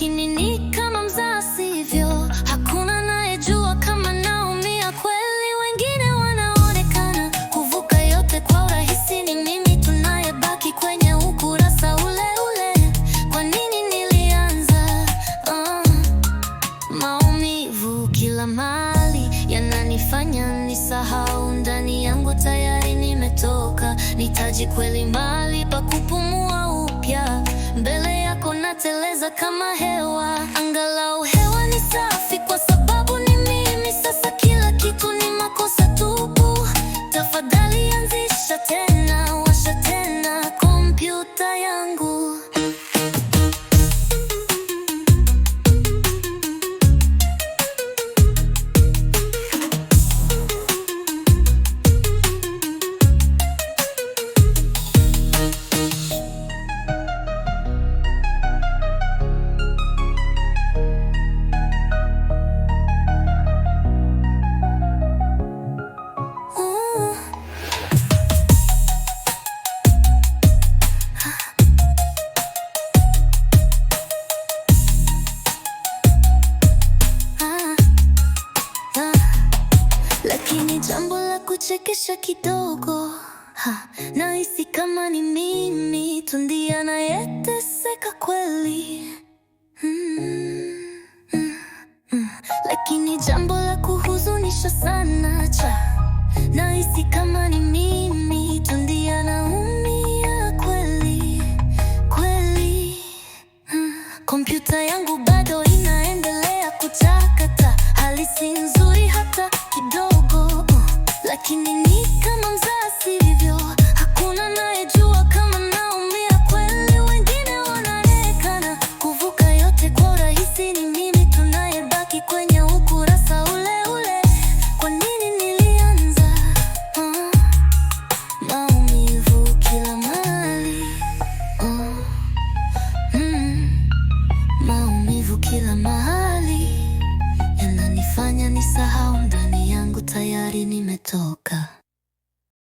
lakini ni kama mzaa sivyo, hakuna anayejua kama naumia kweli. Wengine wanaonekana kuvuka yote kwa urahisi, ni mimi tunayebaki kwenye ukurasa ule ule. Kwa nini nilianza? Uh, maumivu kila mali yananifanya nisahau, ndani yangu tayari nimetoka, nitaji kweli mali pa kupumua upya mbele yako nateleza kama hewa, angalau hewa ni safi, kwa sababu ni mimi. Sasa kila kitu ni makosa tupu, tafadhali anzisha tena, washa tena kompyuta yangu. lakini jambo la kuchekesha kidogo nahisi kama ni mimi tu ndiye anayeteseka kweli Lakini jambo la kuhuzunisha sana cha nahisi kama ni mimi tu ndiye anaumia kweli kweli Kompyuta yangu bado inaendelea kutakata, halisi nzuri you. 頼りに目とか